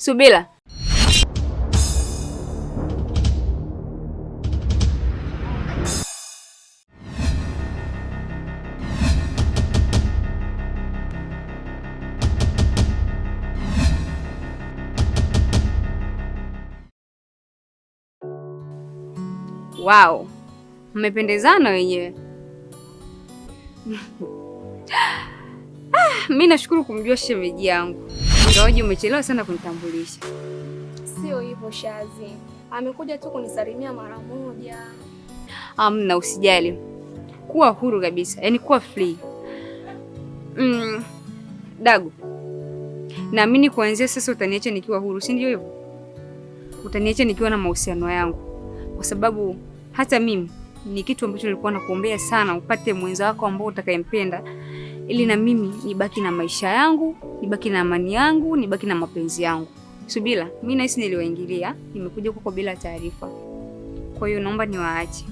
Subila. Wow, mmependezana wenyewe. Ah, mi nashukuru kumjua shemeji yangu. Ingawaji umechelewa sana kunitambulisha. Sio hivyo Shazi, amekuja tu kunisalimia mara moja. Amna, usijali, kuwa huru kabisa, yaani kuwa free. Mm, Dagu, naamini kuanzia sasa utaniacha nikiwa huru, si ndio hivyo? Utaniacha nikiwa na mahusiano yangu, kwa sababu hata mimi ni kitu ambacho nilikuwa nakuombea sana, upate mwenza wako ambao utakayempenda ili na mimi nibaki na maisha yangu, nibaki na amani yangu, nibaki na mapenzi yangu. Subila, mimi nahisi niliwaingilia, nimekuja kwako bila taarifa, kwa hiyo naomba niwaache.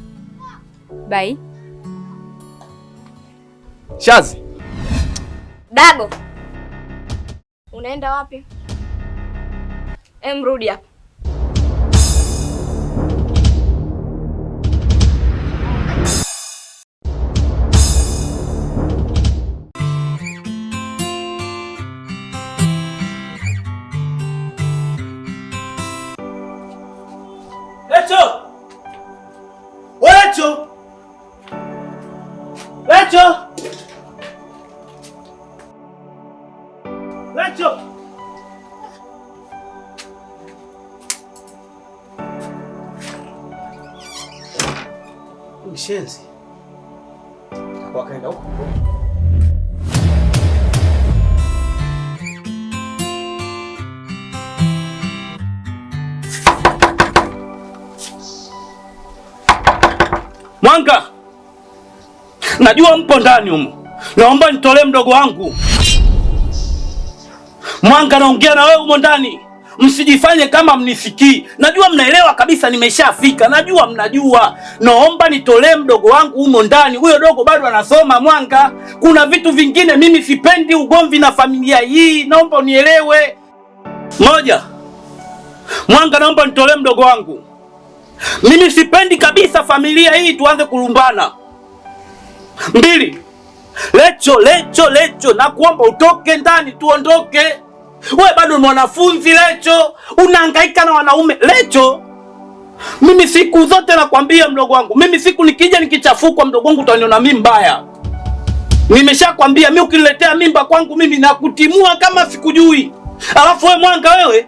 Bye. Shazi. Dago, unaenda wapi? Emrudi hapa. Echo! Echo! Echo! Mshenzi. najua mpo ndani humo, naomba nitolee mdogo wangu Mwanga. Naongea na wewe humo ndani, msijifanye kama mnisikii. Najua mnaelewa kabisa, nimeshafika. Najua mnajua, naomba nitolee mdogo wangu humo ndani. Huyo dogo bado anasoma. Mwanga, kuna vitu vingine mimi sipendi ugomvi na familia hii, naomba unielewe. Moja, Mwanga, naomba nitolee mdogo wangu. Mimi sipendi kabisa familia hii tuanze kulumbana. Mbili, Lecho, Lecho, Lecho, nakuomba utoke ndani, tuondoke. We bado ni mwanafunzi Lecho, unahangaika na wanaume Lecho. Mimi siku zote nakwambia mdogo wangu, mimi siku nikija nikichafukwa, mdogo wangu, utaniona mimi mbaya. Nimeshakwambia mimi, ukiniletea mimba kwangu mimi nakutimua kama sikujui. Alafu we mwanga wewe,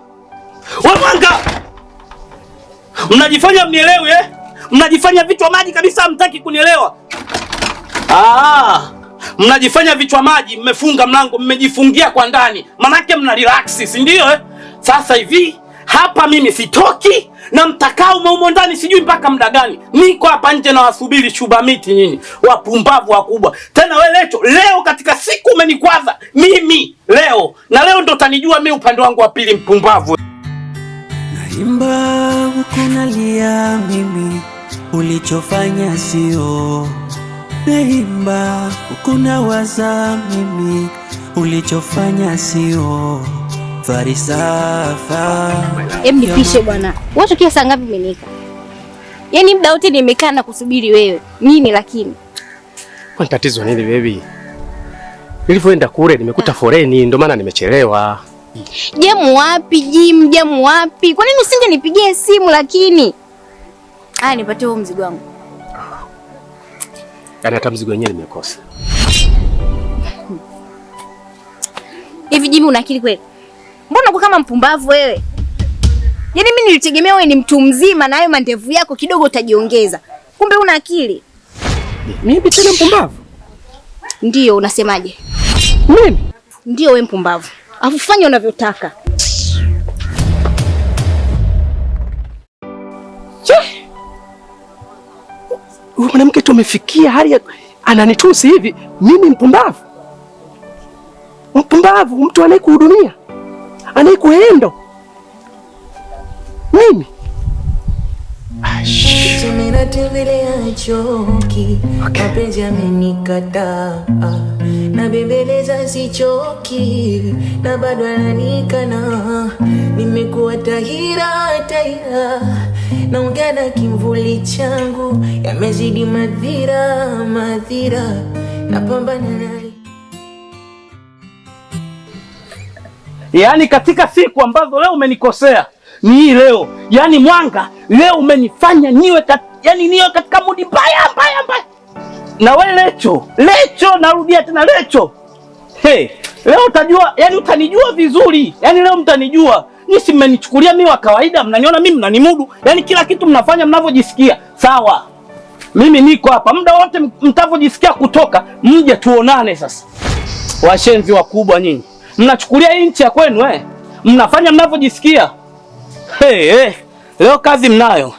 we mwanga, mnajifanya mnielewi eh? Mnajifanya vichwa maji kabisa, hamtaki kunielewa. Ah, mnajifanya vichwa maji, mmefunga mlango, mmejifungia kwa ndani, manake mna relax, si ndio eh? Sasa hivi hapa mimi sitoki na mtakao umeumo ndani sijui mpaka muda gani. Niko hapa nje na wasubiri shuba miti nyinyi wapumbavu wakubwa. Tena we Lecho, leo katika siku umenikwaza mimi leo, na leo ndo utanijua mimi upande wangu wa pili mpumbavu. Naimba huku nalia mimi, ulichofanya sio naimba hukuna waza mimi ulichofanya sio farisafa. Hebu nipishe bwana, watokia saa ngapi umenika? Yaani muda wote nimekaa na kusubiri wewe nini, lakini kwa tatizo nini baby? Nilivyoenda kule nimekuta ah. foreni, ndio maana nimechelewa. Jemu wapi? Jim, jemu wapi? Kwa nini nipigie simu? Lakini aya, nipatie huo mzigo wangu. Yaani hata mzigo wenyewe nimekosa. Hivi Jimmy una akili kweli? Mbona uko kama mpumbavu wewe? Yaani mimi nilitegemea wewe ni mtu mzima na hayo mandevu yako kidogo utajiongeza. Kumbe una akili. Mimi tena mpumbavu? Ndio unasemaje? Mimi? Ndio wewe mpumbavu. Afufanye unavyotaka. huyu mwanamke tumefikia hali ya ananitusi hivi mimi. Mpumbavu, mpumbavu, mtu anayekuhudumia anayekuendo mimi choki mapenzi amenikata na bembeleza, choki na bado ananikana, nimekuwa tahira tahira naongea kimvuli changu, yamezidi madhira, madhira napambana naye. Yaani katika siku ambazo leo umenikosea ni hii leo, yaani mwanga leo umenifanya niwe kat, yaani niwe katika mudi mbaya mbaya mbaya. Na we Lecho, Lecho, narudia tena Lecho. Hey, leo utajua, yani utanijua vizuri, yani leo mtanijua Nyinyi si mmenichukulia mimi wa kawaida, mnaniona mimi mnanimudu, yaani kila kitu mnafanya mnavyojisikia. Sawa, mimi niko hapa muda wote, mtavojisikia kutoka mje tuonane. Sasa washenzi wakubwa nyinyi, mnachukulia hii nchi ya kwenu eh? Mnafanya mnavyojisikia. Hey, hey. Leo kazi mnayo,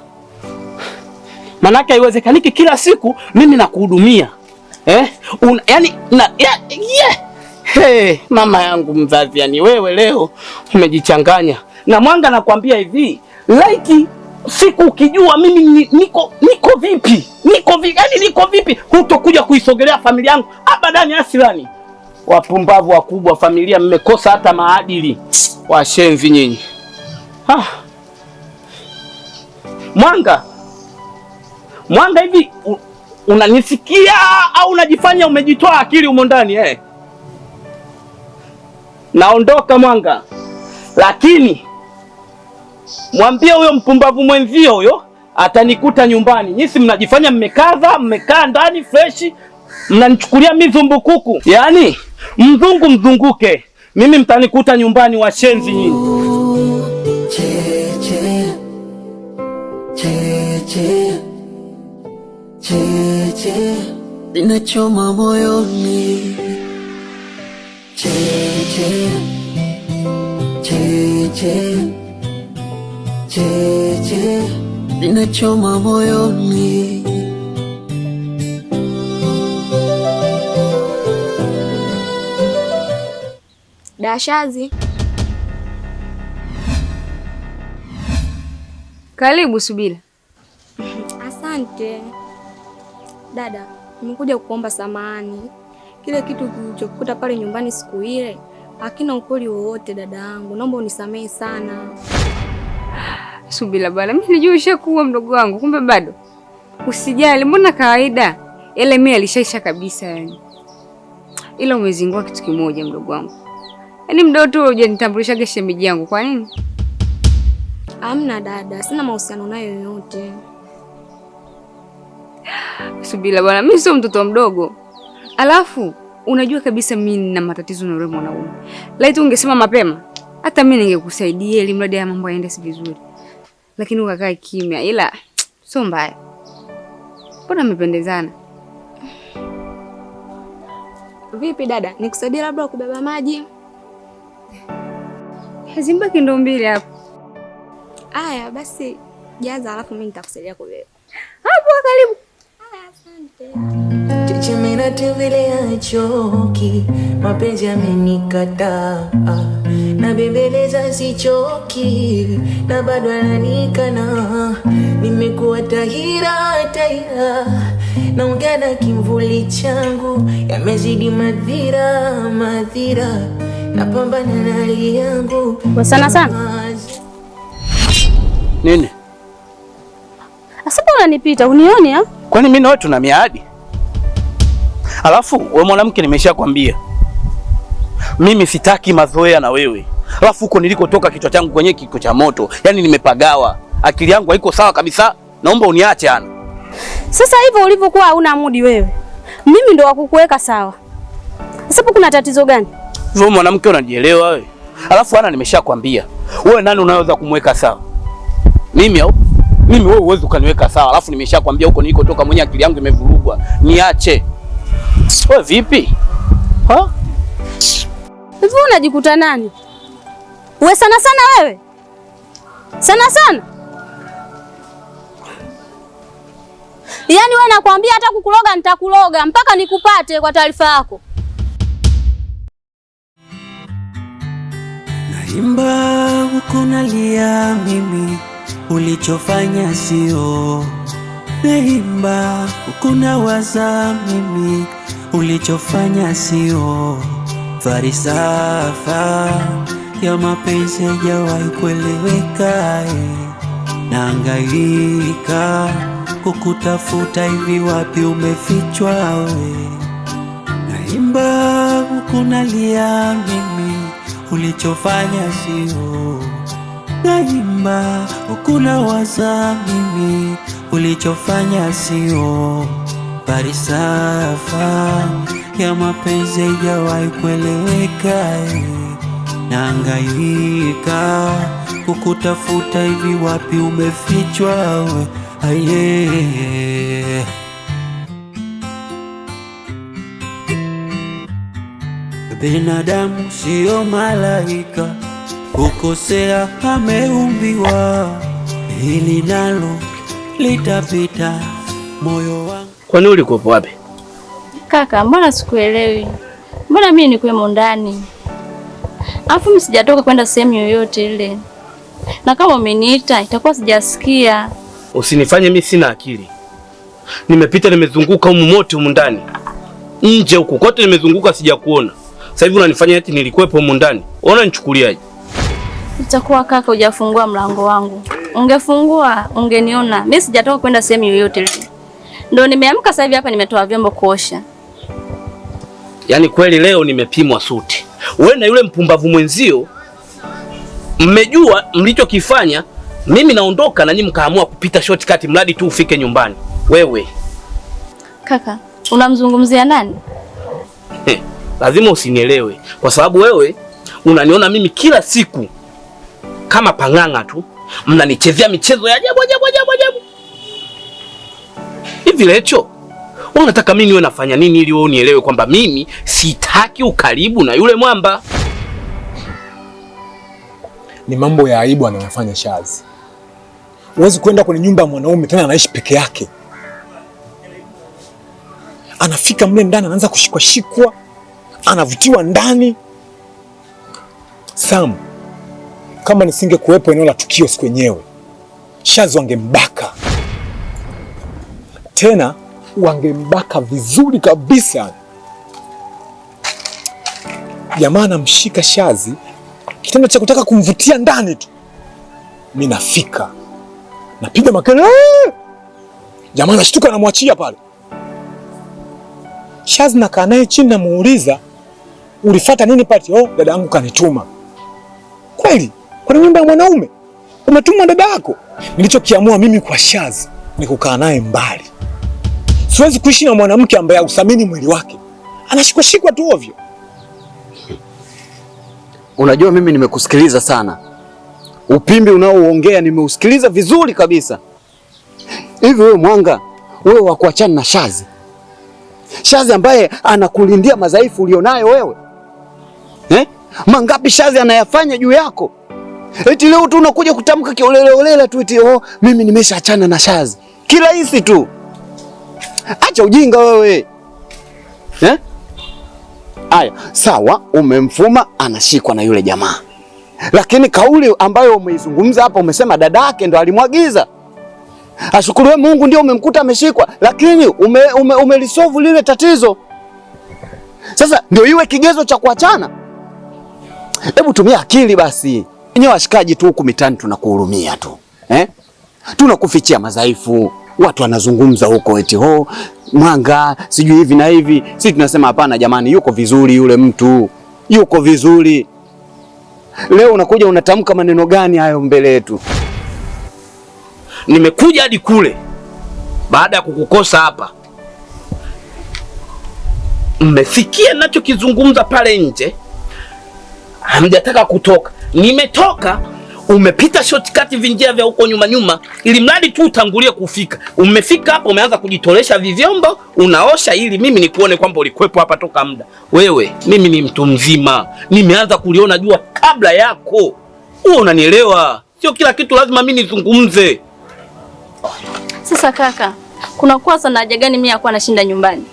manake haiwezekaniki kila siku mimi nakuhudumia eh? yani, na, ya, yeah. Hey, mama yangu mzazi, yani wewe leo umejichanganya na Mwanga. Nakwambia hivi laiti siku ukijua mimi niko niko vipi niko vipi yani niko vipi, hutokuja kuisogelea familia yangu abadani asilani. Wapumbavu wakubwa, familia mmekosa hata maadili, washenzi nyinyi. Ah, Mwanga, Mwanga, hivi unanisikia au unajifanya umejitoa akili humo ndani eh? naondoka Mwanga, lakini mwambie huyo mpumbavu mwenzio huyo atanikuta nyumbani. Nyinyi mnajifanya mmekaza, mmekaa ndani freshi, mnanichukulia mimi zumbukuku, yaani mzungu mzunguke, mimi mtanikuta nyumbani, washenzi nyinyi. Ninachoma moyoni inachoma moyo cheche, moyoni Dashazi, karibu. Subira. Asante dada, nimekuja kuomba samahani kile kitu kilichokuta pale nyumbani siku ile hakina ukweli wowote dada yangu, naomba unisamehe sana. Subila bwana, mimi nilijua ushakuwa mdogo wangu, kumbe bado. Usijali, mbona kawaida, ile mimi alishaisha kabisa yani. Ila umezingua kitu kimoja mdogo wangu, yaani mdogo tu hujanitambulisha shemeji yangu. Kwa nini? Amna dada, sina mahusiano nayo yoyote. Subila bwana, mimi sio mtoto mdogo, alafu Unajua kabisa mimi nina matatizo na yule mwanaume. Laiti ungesema mapema, hata mimi ningekusaidia ili mradi ya mambo yaende vizuri. Lakini ukakaa kimya, ila sio mbaya. Mbona mmependezana? Vipi dada, nikusaidia labda kubeba maji? Zimbaki ndo mbili hapo. Aya, basi jaza, alafu mimi nitakusaidia kubeba. Hapo karibu. Aya, asante. Chichi minatembelea choki, mapenzi amenikataa, na bembeleza sichoki, na bado ananikana. Nimekuwa tahira tahira, naongea na kimvuli changu, yamezidi madhira madhira, napambana na hali yangu sana sana. Nini? Asaba unanipita unioni? Kwani mimi na tuna miadi? Alafu we mwanamke, nimeshakwambia mimi sitaki mazoea na wewe. Alafu huko nilikotoka kichwa changu kwenye kiko cha moto, yaani nimepagawa, akili yangu haiko sawa kabisa. Naomba uniache ana. Sasa hivyo ulivyokuwa hauna mudi wewe, mimi ndo wakukuweka sawa. Sipo, kuna tatizo gani? Wewe mwanamke unajielewa wewe? Alafu ana, nimeshakwambia wewe, nani unaweza kumweka sawa? Mimi au mimi? Wewe uwezi ukaniweka sawa. Alafu nimeshakwambia huko nilikotoka mwenye akili yangu imevurugwa, niache. We vipi hivi, unajikuta nani we? Sana sana wewe, sana sana yaani we, nakwambia hata kukuloga nitakuloga mpaka nikupate. Kwa taarifa yako, naimba huko nalia, mimi ulichofanya sio, naimba ukuna nawaza mimi ulichofanya sio farisafa ya mapenzi hajawahi kueleweka, eh. na kukutafuta hivi, wapi umefichwa we? Eh. Naimba hukunalia mimi, ulichofanya sio. Naimba hukuna waza mimi, ulichofanya sio safa ya mapenzi haijawahi kueleweka, eh. naangaika kukutafuta hivi, wapi umefichwa we? Eh. Aye, eh, binadamu siyo malaika, kukosea ameumbiwa, hili nalo litapita, moyo wangu Kwani ulikuwepo wapi? Kaka, mbona sikuelewi? Mbona mimi nikwemo ndani, alafu mimi sijatoka kwenda sehemu yoyote ile, na kama umeniita itakuwa sijasikia. Usinifanye mimi sina akili. Nimepita, nimezunguka humu mote, humu ndani, nje, huku kote nimezunguka, sijakuona. Sasa hivi unanifanya eti nilikuwepo humu ndani, ona nichukuliaje? Itakuwa kaka, hujafungua mlango wangu. Ungefungua ungeniona. Mimi sijatoka kwenda sehemu yoyote ile. Ndio nimeamka sasa hivi hapa nimetoa vyombo kuosha. Yaani kweli leo nimepimwa suti. Wewe na yule mpumbavu mwenzio mmejua mlichokifanya. Mimi naondoka na nyinyi mkaamua kupita shortcut mradi tu ufike nyumbani. Wewe kaka, unamzungumzia nani? lazima usinielewe kwa sababu wewe unaniona mimi kila siku kama pang'anga tu, mnanichezea michezo ya ajabu ajabu ajabu ajabu hivi Lecho, wewe unataka mimi niwe nafanya nini ili wewe unielewe kwamba mimi sitaki ukaribu na yule mwamba? Ni mambo ya aibu anayofanya Shazi. Huwezi kwenda kwenye nyumba ya mwanaume tena anaishi peke yake. Anafika mle ndani anaanza kushikwa shikwa, anavutiwa ndani. Sam, kama nisingekuwepo eneo la tukio siku yenyewe, Shazi wangembaka tena wangembaka vizuri kabisa. Jamaa namshika shazi, kitendo cha kutaka kumvutia ndani tu, mi nafika napiga makelele, jamaa nashtuka, namwachia pale. Shazi nakaa naye chini, namuuliza ulifata nini pati? Oh, dada yangu kanituma. Kweli? Kwa nyumba ya mwanaume umetuma dada yako? Nilichokiamua mimi kwa Shazi ni kukaa naye mbali Siwezi kuishi na mwanamke ambaye hauthamini mwili wake, anashikwashikwa tu ovyo. Unajua, mimi nimekusikiliza sana, upimbi unaouongea nimeusikiliza vizuri kabisa. Hivi wewe Mwanga, wewe wa kuachana na Shazi, Shazi ambaye anakulindia madhaifu ulionayo wewe eh? Mangapi Shazi anayafanya juu yako, eti leo tu unakuja kutamka kioleleolela tu eti oh, mimi nimeshaachana na Shazi kirahisi tu. Acha ujinga wewe eh? Aya, sawa, umemfuma anashikwa na yule jamaa, lakini kauli ambayo umeizungumza hapa, umesema dada yake ndo alimwagiza. Ashukuriwe Mungu, ndio umemkuta ameshikwa, lakini umelisovu ume, ume lile tatizo. Sasa ndio iwe kigezo cha kuachana? Hebu tumia akili basi. Wenyewe washikaji tu huku mitaani tunakuhurumia tu eh? tunakufichia madhaifu watu wanazungumza huko eti ho oh, Mwanga sijui hivi na hivi. si tunasema hapana, jamani, yuko vizuri yule mtu, yuko vizuri. Leo unakuja unatamka maneno gani hayo mbele yetu? Nimekuja hadi kule baada ya kukukosa hapa. Mmesikia nachokizungumza pale nje, hamjataka kutoka. Nimetoka umepita shortcut vinjia vya huko nyuma nyuma, ili mradi tu utangulie kufika. Umefika hapo, umeanza kujitolesha vivyombo, unaosha ili mimi nikuone kwamba ulikwepo hapa toka muda. Wewe, mimi ni mtu mzima, nimeanza kuliona jua kabla yako. Wewe unanielewa? Sio kila kitu lazima mimi nizungumze. Sasa kaka, kuna kwa sana haja gani mimi yakuwa nashinda nyumbani?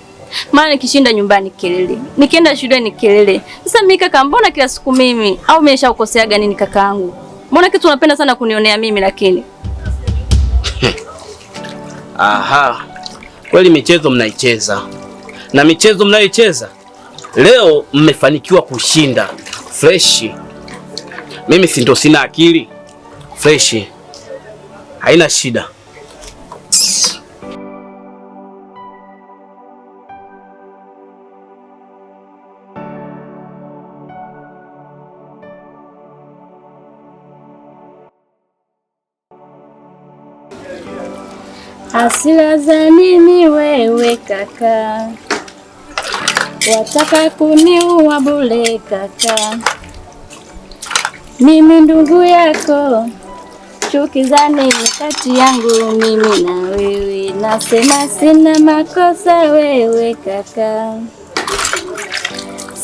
Maana nikishinda nyumbani kelele, nikienda shuleni ni kelele. Sasa mimi kaka, mbona kila siku mimi au mimi nimeshakukoseaga nini kakaangu? Mbona kitu unapenda sana kunionea mimi lakini? Aha. Kweli michezo mnaicheza na michezo mnayoicheza leo mmefanikiwa kushinda freshi. Mimi si ndo sina akili freshi, haina shida. hasira za nini wewe kaka, wataka kuniua bure kaka, mimi ndugu yako, chuki za nini kati yangu mimi na wewe? Nasema sina makosa wewe kaka,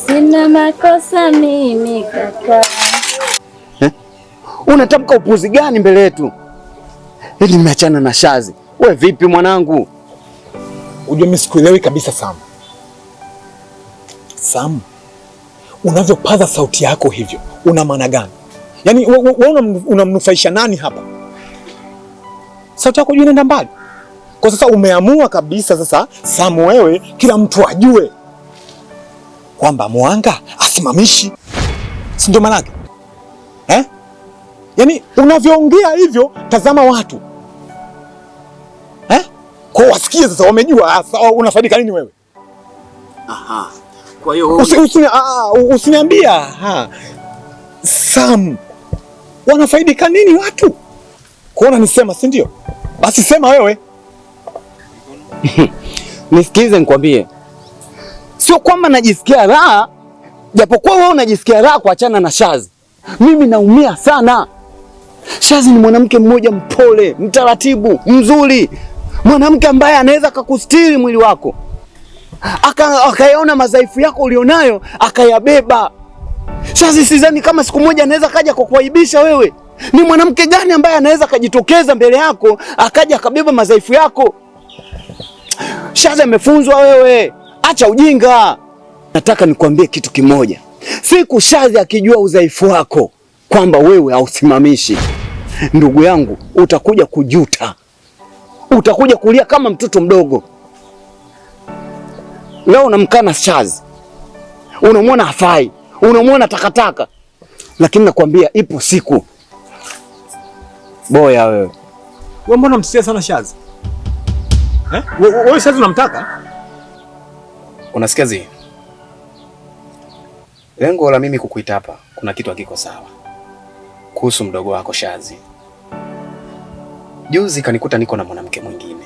sina makosa mimi kaka. Eh, unatamka upuzi gani mbele yetu? Hili nimeachana na Shazi We vipi mwanangu? Ujue mimi sikuelewi kabisa Sam. Sam, unavyopaza sauti yako hivyo una maana gani? Yaani wewe unamnufaisha nani hapa? Sauti yako juu inaenda mbali. Kwa sasa umeamua kabisa sasa, Sam wewe, kila mtu ajue kwamba Mwanga asimamishi, si ndio maanake eh? Yaani unavyoongea hivyo, tazama watu wasikie sasa, wamejua hasa oh, unafaidika nini wewe. Aha. Kwa hiyo ah, ah, usiniambia Sam, wanafaidika nini watu kuona nisema, si ndio? Basi sema wewe. Nisikize nikwambie, sio kwamba najisikia raha, japokuwa wewe unajisikia raha kuachana na Shazi, mimi naumia sana. Shazi ni mwanamke mmoja mpole, mtaratibu, mzuri mwanamke ambaye anaweza akakustiri mwili wako akayaona madhaifu yako ulionayo akayabeba. Sasa sidhani kama siku moja anaweza kaja kwa kuaibisha wewe. Ni mwanamke gani ambaye anaweza akajitokeza mbele yako akaja akabeba madhaifu yako? Shaza, amefunzwa wewe, acha ujinga. Nataka nikwambie kitu kimoja, siku Shazi akijua udhaifu wako kwamba wewe hausimamishi, ndugu yangu, utakuja kujuta utakuja kulia kama mtoto mdogo. Leo unamkana Shazi, unamwona hafai, unamwona takataka, lakini nakwambia ipo siku boya. Wewe wewe, mbona msikia sana Shazi eh? Wewe Shazi unamtaka, unasikia zii, lengo la mimi kukuita hapa, kuna kitu hakiko sawa kuhusu mdogo wako Shazi. Juzi kanikuta niko na mwanamke mwingine,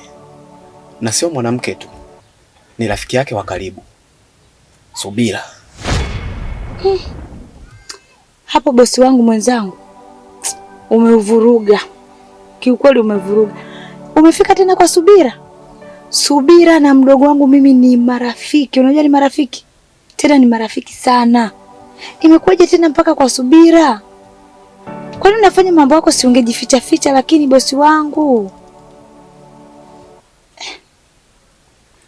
na sio mwanamke tu, ni rafiki yake wa karibu Subira. Hmm. Hapo bosi wangu mwenzangu, umeuvuruga kiukweli, umevuruga. Umefika tena kwa Subira. Subira na mdogo wangu mimi ni marafiki, unajua ni marafiki, tena ni marafiki sana. Imekuwaje tena mpaka kwa Subira? Kwani unafanya mambo yako, si ungejificha ficha? Lakini bosi wangu,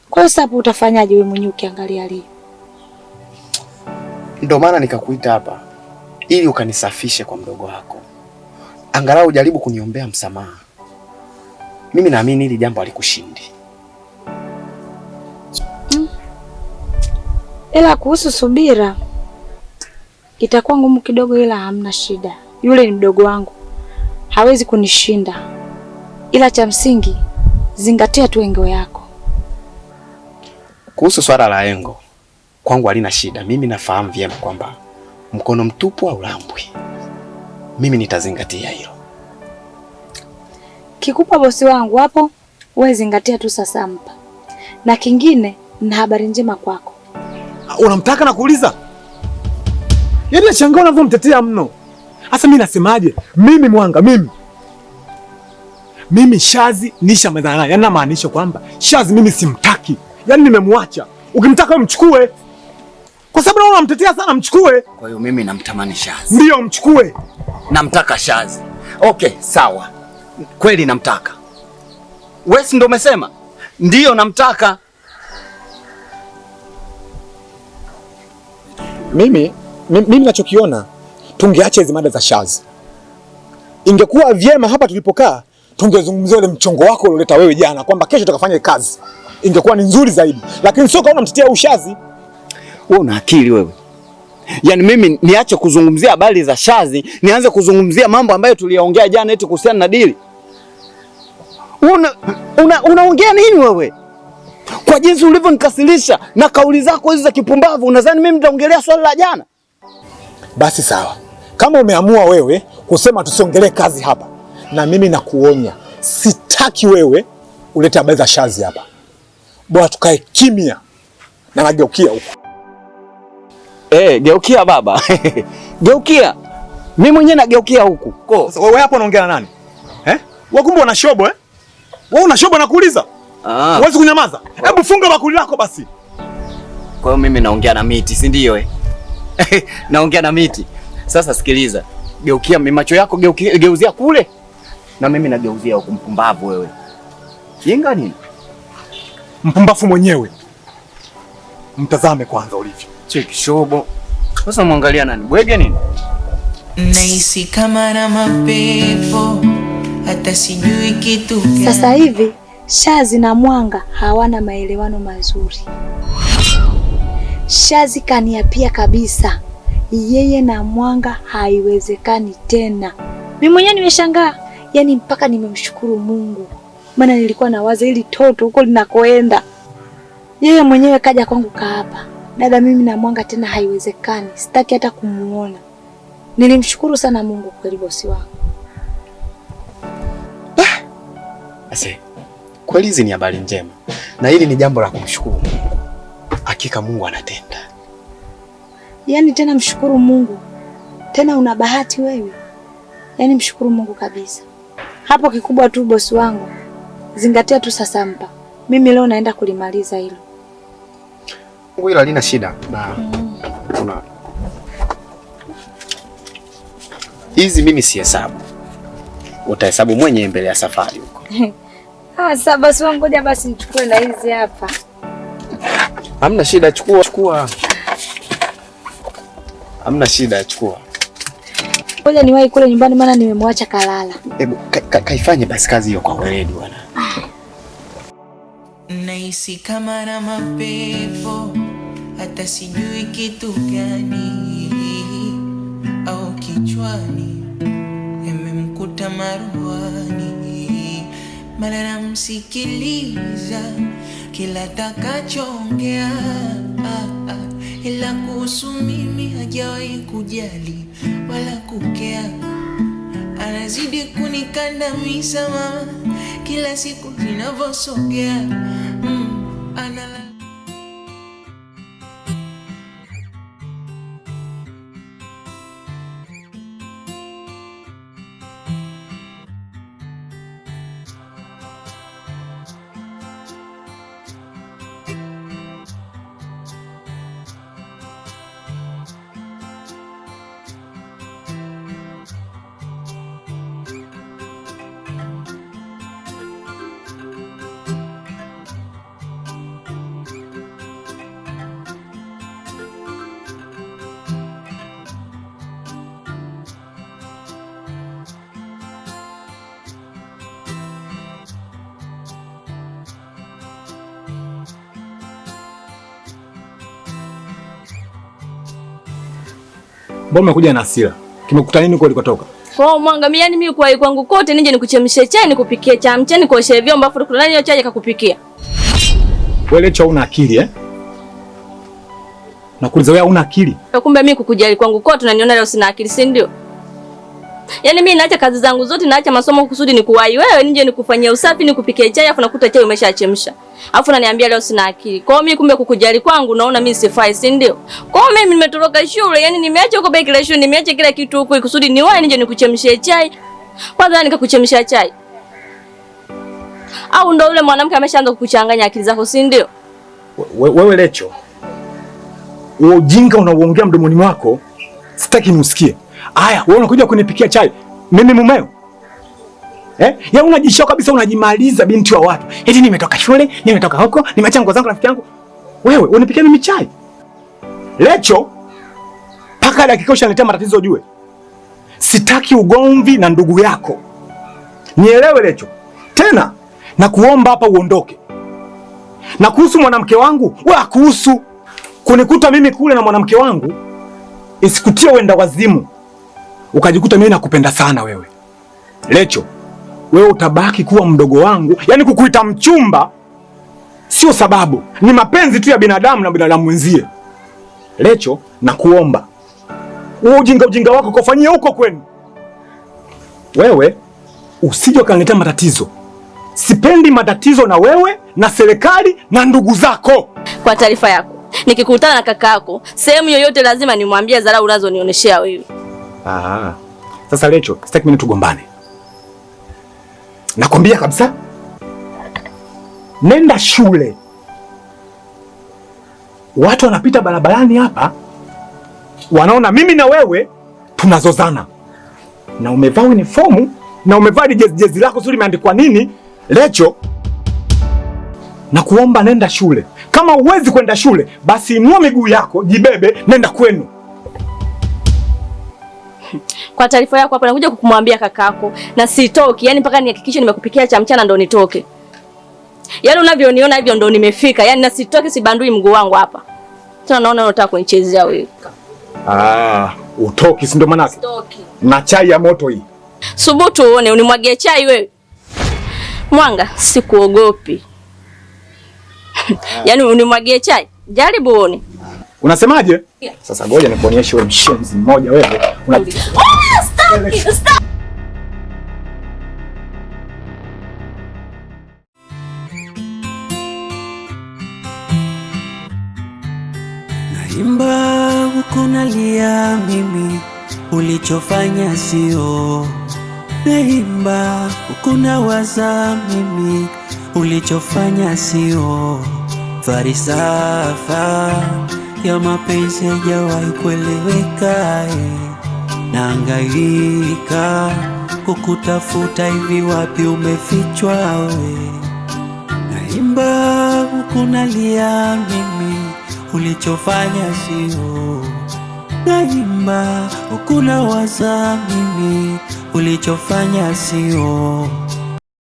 kwa hiyo sasa utafanyaje wewe mwenyewe ukiangalia leo? Ndio maana nikakuita hapa ili ukanisafishe kwa mdogo wako, angalau ujaribu kuniombea msamaha. Mimi naamini hili jambo alikushindi hmm. Ila kuhusu subira itakuwa ngumu kidogo, ila hamna shida. Yule ni mdogo wangu, hawezi kunishinda, ila cha msingi zingatia tu engo yako. Kuhusu swala la engo, kwangu halina shida. Mimi nafahamu vyema kwamba mkono mtupu lambwi, Mimi nitazingatia hilo. Kikubwa bosi wangu, hapo wewe zingatia tu sasa mpa. Na kingine na habari njema kwako. Unamtaka na kuuliza? Yaani nachangaa unavyomtetea mno. Sasa mimi nasemaje? Mimi Mwanga, mimi mimi Shazi nishamalizana naye, yaani namaanisha kwamba Shazi mimi simtaki, yaani nimemwacha. Ukimtaka mchukue, kwa sababu naona unamtetea sana, mchukue. Kwa hiyo mimi namtamani Shazi, ndiyo mchukue, namtaka Shazi. Okay, sawa, kweli namtaka. Wewe ndio umesema ndiyo namtaka mimi. Mimi nachokiona tungeacha hizo mada za shazi. Ingekuwa vyema hapa tulipokaa tungezungumzia ule mchongo wako ulioleta wewe jana, kwamba kesho tukafanya kazi, ingekuwa ni nzuri zaidi, lakini sio kama mtetea ushazi. Wewe una akili wewe? Yaani mimi niache kuzungumzia habari za shazi nianze kuzungumzia mambo ambayo tuliyaongea jana eti kuhusiana na dili? Una una unaongea nini wewe? Kwa jinsi ulivyonikasirisha na kauli zako hizo za kipumbavu, unadhani mimi nitaongelea swala la jana? Basi sawa. Kama umeamua wewe kusema tusiongelee kazi hapa, na mimi nakuonya, sitaki wewe ulete habari za shazi hapa. Bora tukae kimya na nageukia huko. Hey, eh, geukia baba geukia, mimi mwenyewe nageukia huku. Wewe hapo unaongea na nani eh? Wewe kumbe una shobo eh? Wewe una shobo nakuuliza. Ah. Huwezi kunyamaza. Hebu funga bakuli lako basi. Kwa hiyo mimi naongea na miti, si ndio eh? Naongea na miti. Sasa sikiliza, geukia macho yako geukia, geuzia kule na mimi nageuzia huko. Mpumbavu wewe, kinga nini? Mpumbavu mwenyewe, mtazame kwanza ulivyo. Cheki shobo sasa, mwangalia nani bwege nini? Naisi kama na mapepo, hata sijui kitu. Sasa hivi Shazi na Mwanga hawana maelewano mazuri. Shazi kaniapia kabisa yeye na Mwanga haiwezekani tena. Mimi mwenyewe nimeshangaa, yaani mpaka nimemshukuru Mungu, maana nilikuwa nawaza ili toto huko linakoenda. Yeye mwenyewe kaja kwangu kaapa, dada, mimi na Mwanga tena haiwezekani, sitaki hata kumuona. Nilimshukuru sana Mungu kweli, bosi wako. Ah, ase kweli hizi ni habari njema, na hili ni jambo la kumshukuru Mungu. Hakika Mungu anatenda. Yaani tena mshukuru Mungu, tena una bahati wewe, yaani mshukuru Mungu kabisa. Hapo kikubwa tu bosi wangu, zingatia tu sasampa mimi leo naenda kulimaliza hilo. Ila lina shida na mm. kuna hizi mimi sihesabu, utahesabu mwenyewe mbele ya safari huko. Ah, sasa basi, ngoja basi nichukue na hizi hapa. Hamna shida, chukua chukua. Hamna shida, chukua. Ngoja niwahi kule nyumbani, maana nimemwacha kalala. Hebu kaifanye basi kazi hiyo kwa weledi bwana. Nahisi kama na mapepo, hata sijui kitu gani au kichwani imemkuta maruani, mara namsikiliza kila takachongea ila kuhusu mimi hajawahi kujali wala kukea. Anazidi kunikandamiza mama, kila siku inavyosogea mm, ana Mbona umekuja na hasira? Kimekuta nini huko ulikotoka? Kwa mimi yani mimi kwa kwangu kote nije nikuchemshe chai nikupikie chamcha nikoshe vyombo afu kuna nani chai akakupikia. Wewe leo una akili eh? Nakuuliza wewe una akili? Kumbe mimi kukujali kwangu kote unaniona leo sina akili, si ndio? Yaani mimi naacha kazi zangu zote, naacha masomo kusudi nikuwahi wewe nje nikufanyia usafi, nikupikie chai afu nakuta chai umeshachemsha. Afu unaniambia leo sina akili. Kwa hiyo mimi kumbe kukujali kwangu naona mimi sifai, si ndio? Kwa hiyo mimi nimetoroka shule, yani nimeacha huko beki la shule, nimeacha kila kitu huko kusudi niwahi nje nikuchemshie chai. Kwanza nani nikakuchemshia chai. Au ndo yule mwanamke ameshaanza kukuchanganya akili zako, si ndio? Wewe we, Lecho. Ujinga unaoongea mdomoni mwako sitaki niusikie. Aya, wewe unakuja kunipikia chai, mimi mumeo eh? Ya unajishia kabisa, unajimaliza binti wa watu, eti nimetoka shule, nimetoka huko, nimeacha nguo zangu, rafiki yangu, wewe unipikia mimi chai? Lecho paka dakika ushaniletea matatizo ujue. Sitaki ugomvi na ndugu yako, nielewe Lecho. Tena nakuomba hapa uondoke. Na kuhusu mwanamke wangu, wewe kuhusu kunikuta mimi kule na mwanamke wangu, isikutie wenda wazimu ukajikuta mimi nakupenda sana wewe. Lecho, wewe utabaki kuwa mdogo wangu, yaani kukuita mchumba sio sababu, ni mapenzi tu ya binadamu na binadamu mwenzie. Lecho, nakuomba wewe, ujinga ujinga wako kufanyia huko kwenu wewe, usije ukaniletea matatizo. Sipendi matatizo na wewe na serikali na ndugu zako. Kwa taarifa yako, nikikutana na kaka yako sehemu yoyote, lazima nimwambie dharau unazonionyeshea wewe. Aha. Sasa Lecho, sitaki mimi tugombane. Nakwambia kabisa. Nenda shule. Watu wanapita barabarani hapa wanaona mimi na wewe tunazozana, na umevaa unifomu na umevaa jezi jezi lako zuri, imeandikwa nini Lecho? Na kuomba nenda shule. Kama huwezi kwenda shule, basi inua miguu yako, jibebe, nenda kwenu. Kwa taarifa yako hapa nakuja kukumwambia kakako, na sitoki yani mpaka nihakikishe nimekupikia cha mchana ndo nitoke. Yaani unavyoniona hivyo ndo nimefika, yaani na sitoki, sibandui mguu wangu hapa. Tena naona unataka kunichezea wewe. Ah, utoki si ndo maana yake? Na chai ya moto hii. Subutu uone unimwagie chai wewe. Mwanga, sikuogopi. Yaani unimwagie chai. Jaribu uone. Unasemaje? Yeah. Sasa ngoja nikuonyeshe wewe mshenzi mmoja wewe. Una... Oh, stop it, stop. Naimba huko nalia mimi, ulichofanya sio. Naimba ukuna nawaza mimi, ulichofanya sio. Farisafa ya mapenzi hajawahi kueleweka eh. Naangaika kukutafuta hivi, wapi umefichwa we? Eh. Naimba huku nalia mimi, ulichofanya sio. Naimba huku nawaza mimi, ulichofanya sio.